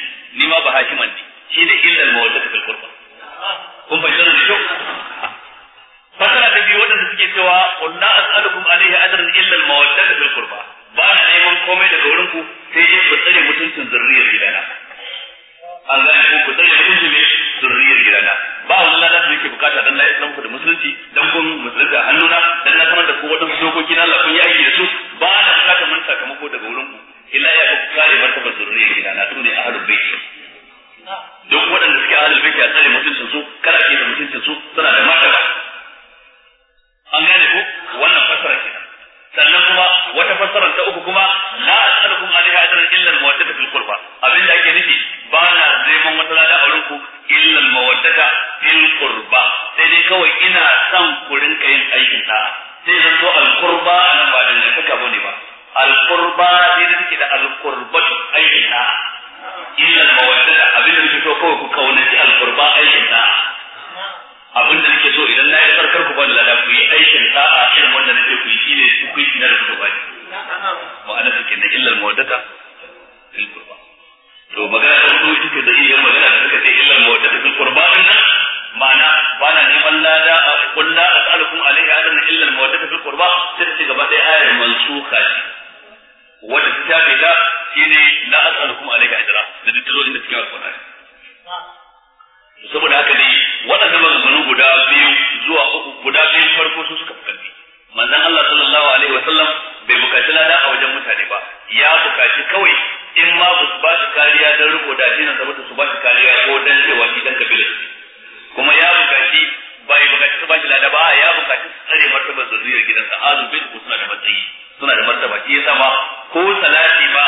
zurriyar gidansa alul bait ko suna da matsayi suna da martaba shi yasa ma ko salati ba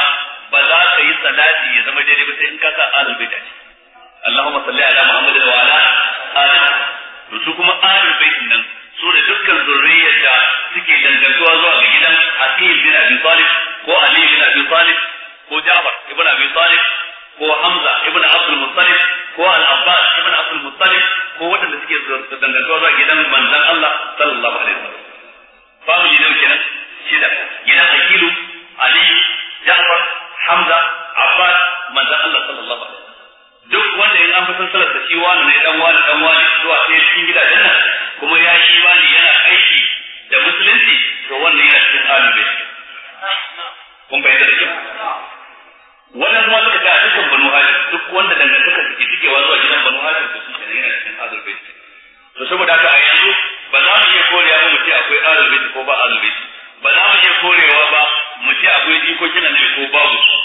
ba za ka yi salati ya zama daidai ba sai in ka sa alul bait a Allahumma salli ala Muhammad wa ala ali to su kuma alul bait nan su da dukkan zurriyar da suke dangantuwa zuwa ga gidan Aqil bin Abi Talib ko Ali bin Abi Talib ko Ja'far ibn Abi Talib ko Hamza ibn Abdul Muttalib ko Al-Abbas ibn Abdul Muttalib ko waɗanda suke dangantuwa zuwa gidan manzon Allah sallallahu alaihi wasallam family nan kenan shida gidan Akilu Ali Ja'far Hamza Abbas manzon Allah sallallahu alaihi duk wanda in an fitan salar da shi wani ne dan wani dan wani zuwa sai cikin gidajen nan kuma ya shi wani yana aiki da musulunci to wannan yana cikin alubai kun bayyana da kyau wannan kuma suka ga dukkan banu hajji duk wanda dangantaka suke cikewa zuwa gidan banu hajji to sun kenan yana cikin alubai to saboda haka a yanzu ba za mu iya korewa mu ce akwai ahlul ko ba ahlul ba za mu iya korewa ba mu ce akwai jikokin annabi ko babu su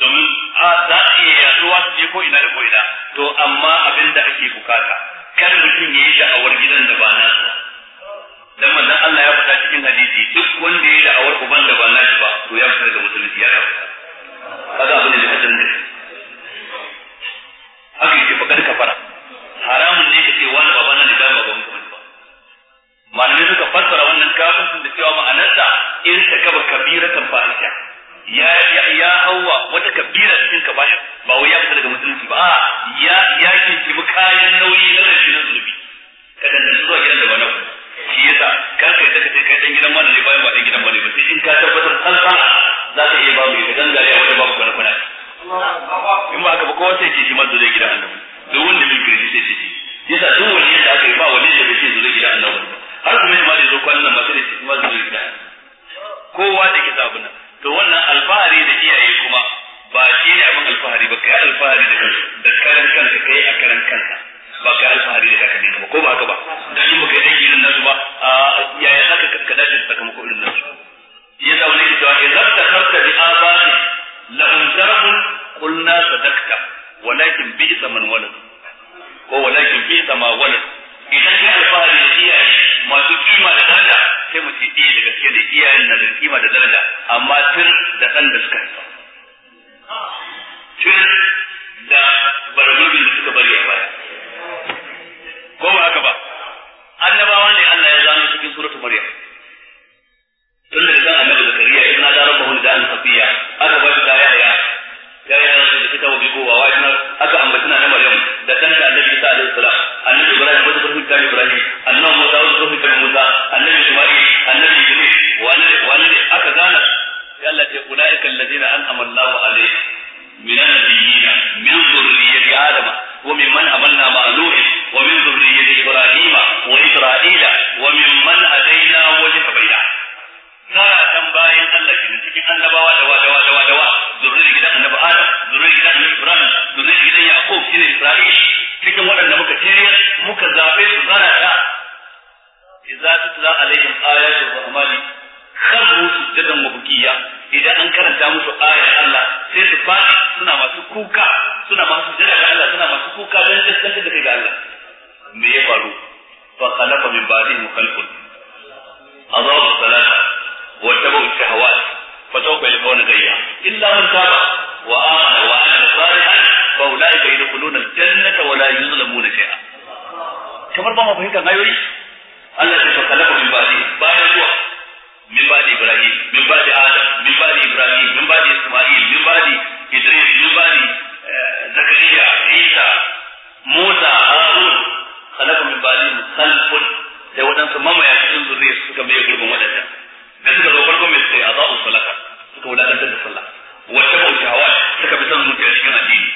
domin a za su iya yaduwa su je ko ina da ko ina to amma abin da ake bukata kar mutum ya yi da'awar gidan da ba nasu dan manzon Allah ya faɗa cikin hadisi duk wanda ya yi da'awar uban da ba nashi ba to ya fita daga musulunci ya rabu kaga abin da hadarin da haka yake fakar kafara haramun ne ka kace wani babana da ba ka malamai suka fassara wannan kafircin da cewa ma'anarsa in ta kaba kabiratan fahisha ya ya ya hawa wata kabira cikin bashi ba wai ya fita daga musulunci ba ya ya kinki kayan nauyi na rashin zubi kada da zuwa gidan da ba shi yasa kan kai ta kace kai dan gidan wani ne bayan ba dan gidan wani ba sai in ka tabbatar kalban za ka iya ba mu ka gangare a wanda babu kwana kwana in ba ka ba ko sai ke shi mazo zai gidan annabi duk wanda bai girgi sai ce yasa duk wani yadda aka yi ba wani da bai ce zo zai gidan annabi har kuma ma da zo kwanan nan ba da shi kuma zai gida kowa da ke sabu nan to wannan alfahari da iyaye kuma ba shi ne abin alfahari ba kai alfahari da da karan kanka kai a karan kanka ba kai alfahari da kakanni ba ko ba haka ba dan in baka yi aiki irin nasu ba yaya zaka kakkada da sakamako irin nasu ya zaune da cewa idza takarta bi abadi lahum sharafun qulna sadaqta walakin bi man walad ko walakin bi ma walad idan kai alfahari masu kima da daraja sai mu ce iya eh, da gaske da iyayen na da kima da daraja amma tun da ɗan da suka haifa tun da barnubin da suka bari a baya ko ba haka ba annabawa ne Allah ya zama cikin suratul maryam tun da zan annabi zakariya in na daren mahul da an safiya aka ba shi da yaya yaya da suka tawo bigowa wa aka ambaci na maryam da kan da annabi Isa alaihi salam annabi Ibrahim wanda zurfin kan Ibrahim annabi Musa wanda zurfin kan Musa annabi Isma'il annabi Idris wanda wanda aka gana sai Allah ya ulaika allazina an'ama Allahu alaihim min an-nabiyyin min dhurriyyati adama wa mimman amanna ma'a nuh wa min dhurriyyati ibrahima wa isra'ila wa mimman hadayna wa jahbayna zaratan bayan Allah kenan cikin annabawa da wadawa da wadawa zurriyar gidan annabi Adam zurriyar gidan annabi Ibrahim zurriyar gidan Yaqub shine Isra'il cikin waɗanda muka tiriya muka zabe su zarata idza tutla alaihim ayatul rahmani kharru sujadan wa bukiya idan an karanta musu ayar Allah sai su fadi suna masu kuka suna masu jira ga Allah suna masu kuka don gaskanta da kai ga Allah me ya faru fa khalaqa min ba'dihim khalqun azabu salata واتبعوا الشهوات فسوف يلقون غيا إلا من تاب وآمن وعمل صالحا فأولئك يدخلون الجنة ولا يظلمون شيئا kamar ba mu fahimtar ayoyi Allah ya saka lafa min ba'di bayan zuwa min ba'di Ibrahim min ba'di Adam min ba'di Ibrahim min ba'di Isma'il min ba'di Idris min ba'di eh, Zakariya Isa Musa Harun khalaqa min ba'di khalfun sai wadansu mamaya cikin zuriyar gurbin da suka zo farkon mai sai azau salata suka wadatar da sallah wata ba hawa suka bi son zuciya cikin addini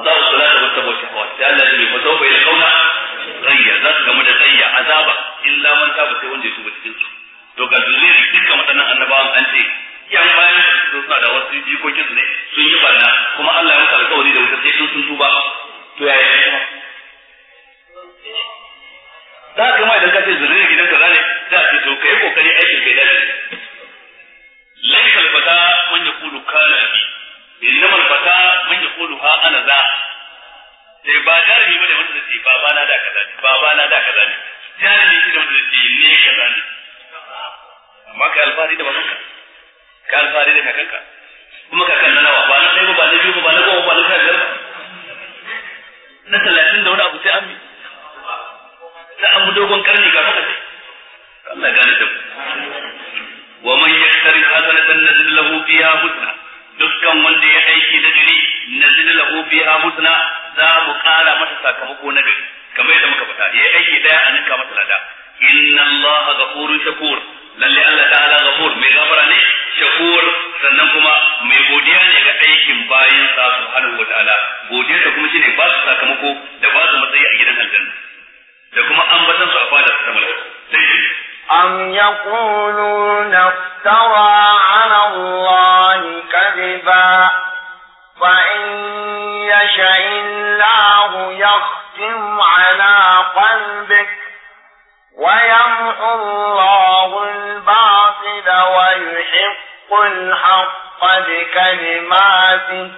azau salata wata ba shawa sai Allah ya ce ba sau bai kauna rayya za su gamu da tsayya azaba illa man taba sai wanda ya tuba cikin su to ga zuri dukkan waɗannan annabawan an ce yan bayan su suna da wasu jikokin su ne sun yi barna kuma Allah ya musu alƙawari da wuta sai sun tuba to yaya ne za ka ma idan ka ce zuriyar gidan kaza ne za a ce to kai kokari aikin kai dace laysal fata man yaqulu kana bi na malbata man yaqulu ha ana za sai eh, ba jarumi bane wanda zai ce baba na da kaza ne baba na da kaza ne jarumi shi da wanda zai ce ne kaza ne amma kai alfahari da bakanka. ka alfahari da kakanka kuma kakan na nawa ba na ɗaya ba ba na biyu ba ba na goma ba na sha biyar ba na talatin da wani abu sai an bi sai an dogon karni ga kuka Allah gane da wa man yaktari hasanatan nazil lahu fiha husna dukkan wanda ya aiki da gari nazil lahu fiha husna za mu kara masa sakamako na gari kamar yadda muka fata ya aiki daya a ninka masa lada inna Allah ghafurun shakur lalle Allah ta'ala ghafur mai gafara ne shakur sannan kuma mai godiya ne ga aikin bayan sa subhanahu wa ta'ala godiyarsa kuma shine ba su sakamako da ba su matsayi a gidan aljanna da kuma ambatan su a fadar ta malaiku sai ce am yaquluna iftara ala Allah kadiba fa in yasha Allah yaqtim ala qalbik ويمحو الله الباطل ويحق الحق بكلماته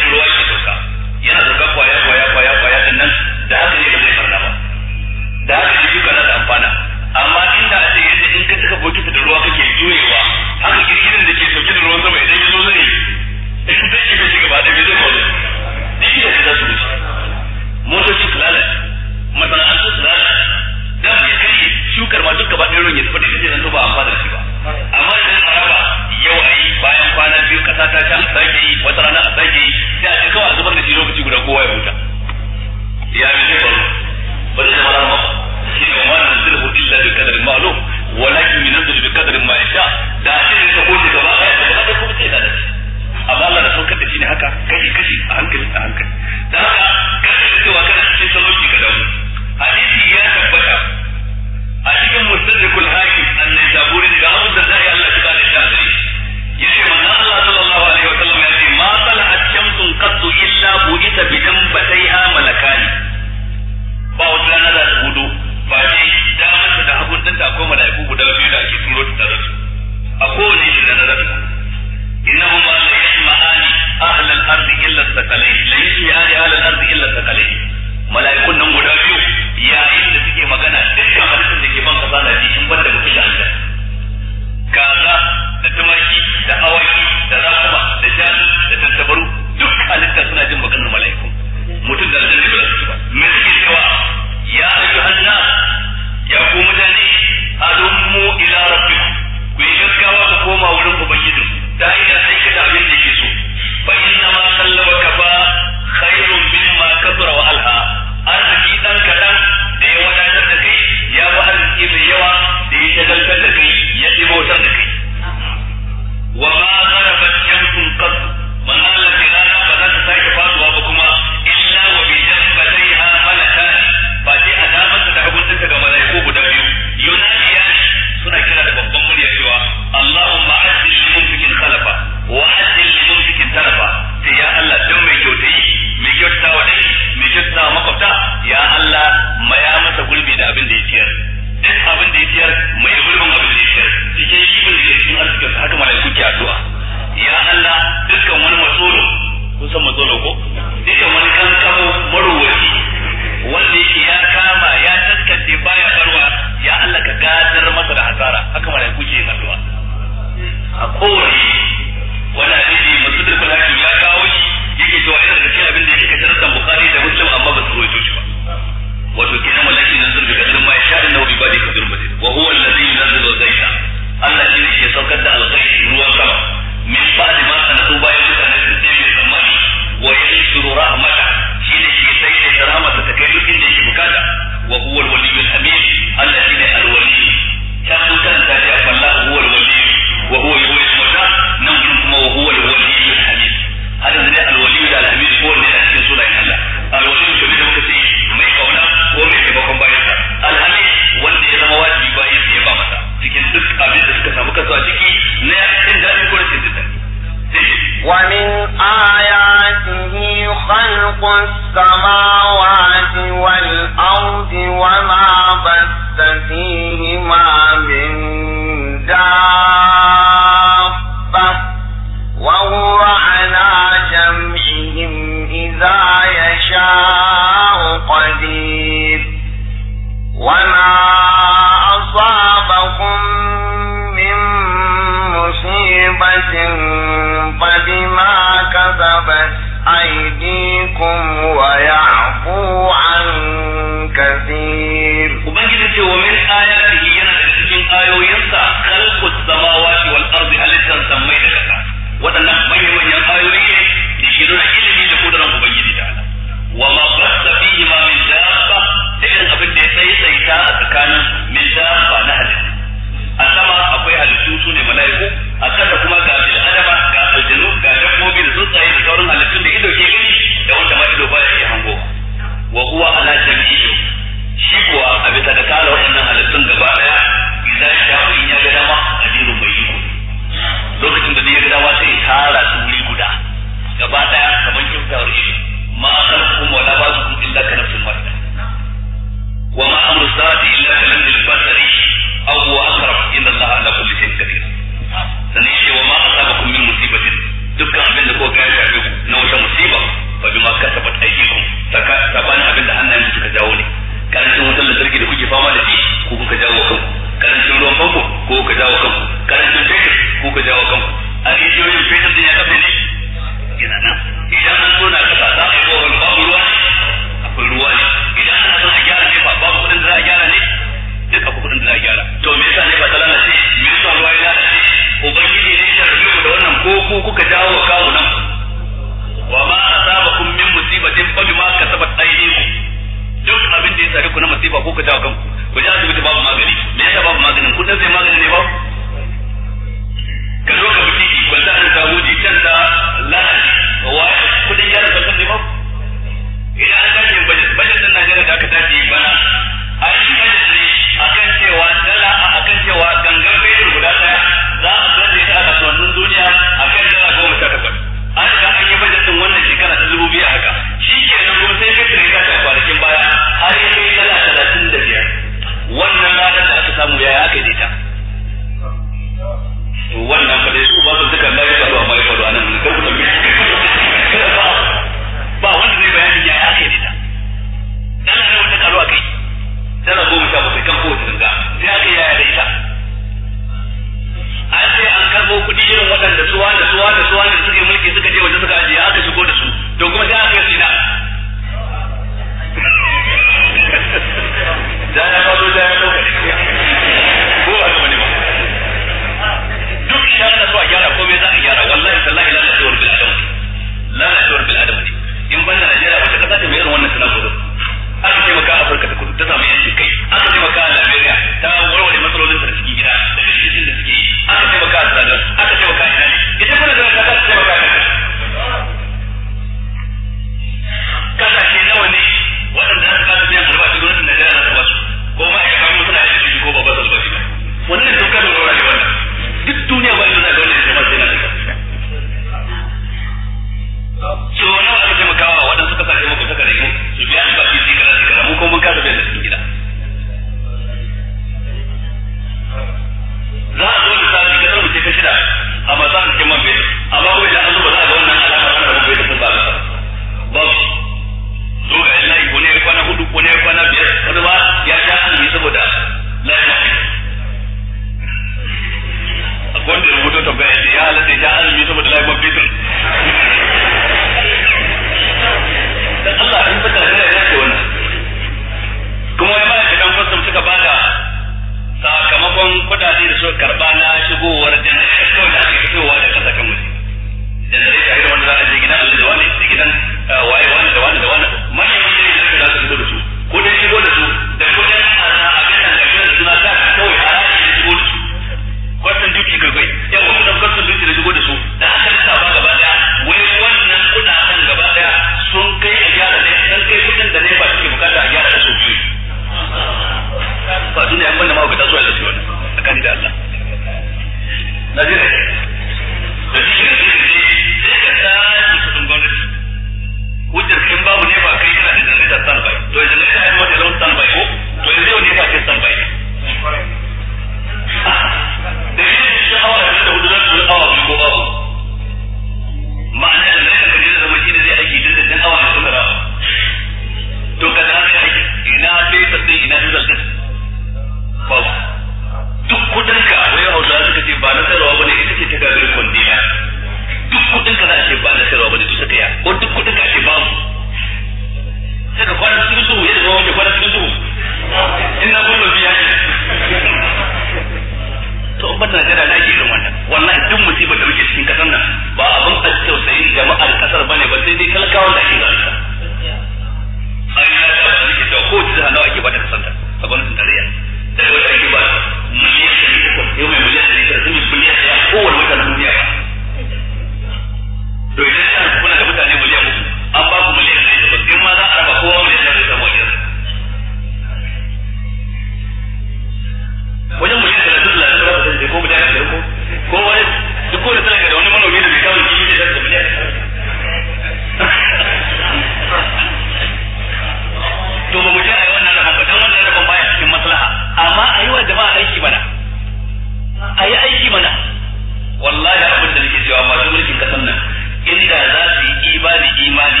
imani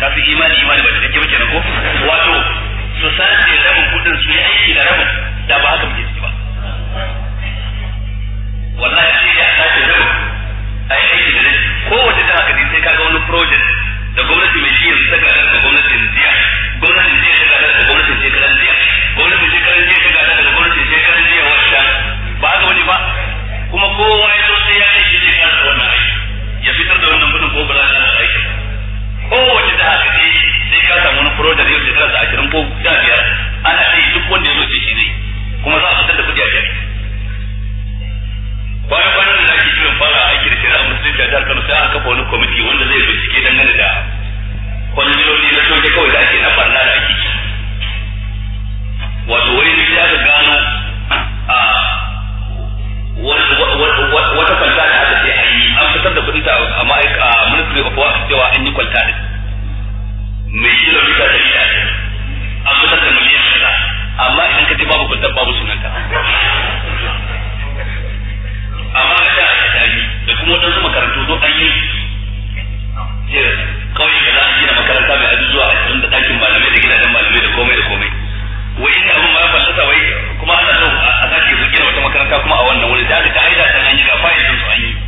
kafin imani imani ba da kake bace ko wato su sace rabin kudin su yi aiki da rabin da ba haka muke ciki ba wallahi sai ya sace rabin ai aiki da rabin kowace jiha ka sai kaga wani project da gwamnati mai shi yanzu ta ga da gwamnati gwamnatin ya gwamnati jiya ta ga da gwamnati shekaran ya gwamnatin gwamnati jiya ta ga da gwamnatin shekaran jiya wata ba haka wani ba kuma kowa ya zo sai ya aiki zai wannan aiki ya fitar da wannan gudun ko ba za su aiki ba kowace jiha ka je sai ka samu wani furo da yau shekara da ashirin ko sha biyar ana sai duk wanda ya zo shi zai kuma za a fitar da kuɗi a jari bayan kwanan da ake kiran fara a aiki da shirin shari'a musulunci a jihar Kano sai aka kafa wani kwamiti wanda zai bincike dangane da kwalliloli na soke kawai da ake na farna da ake wato ah, wani ne ya gano a wata fanta fitar da kuɗi ta a ma'aikata ministry of work cewa an yi kwalta da mai yi da da ya a fitar da miliyan kaza amma idan ka ce babu kwalta babu sunanta amma a da ta yi da kuma waɗansu makarantu zo an yi kawai da za a gina makaranta mai aji zuwa a cikin da ɗakin malamai da gidajen malamai da komai da komai wai inda abin ma ya fallasa wai kuma ana zo a zaki su gina wata makaranta kuma a wannan wuri da ta ka'ida ta an yi ga fa'idin su an yi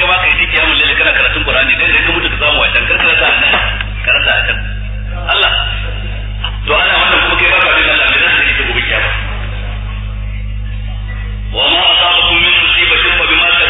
kai ma kai dikiya mun lalle kana karatun Qur'ani dai dai ka mutu ka samu a can karkara ta nan karanta a can Allah to ana wannan kuma kai ba ka da Allah ne zan yi ta gobe kiyama wa ma asabakum min musibatin fa bima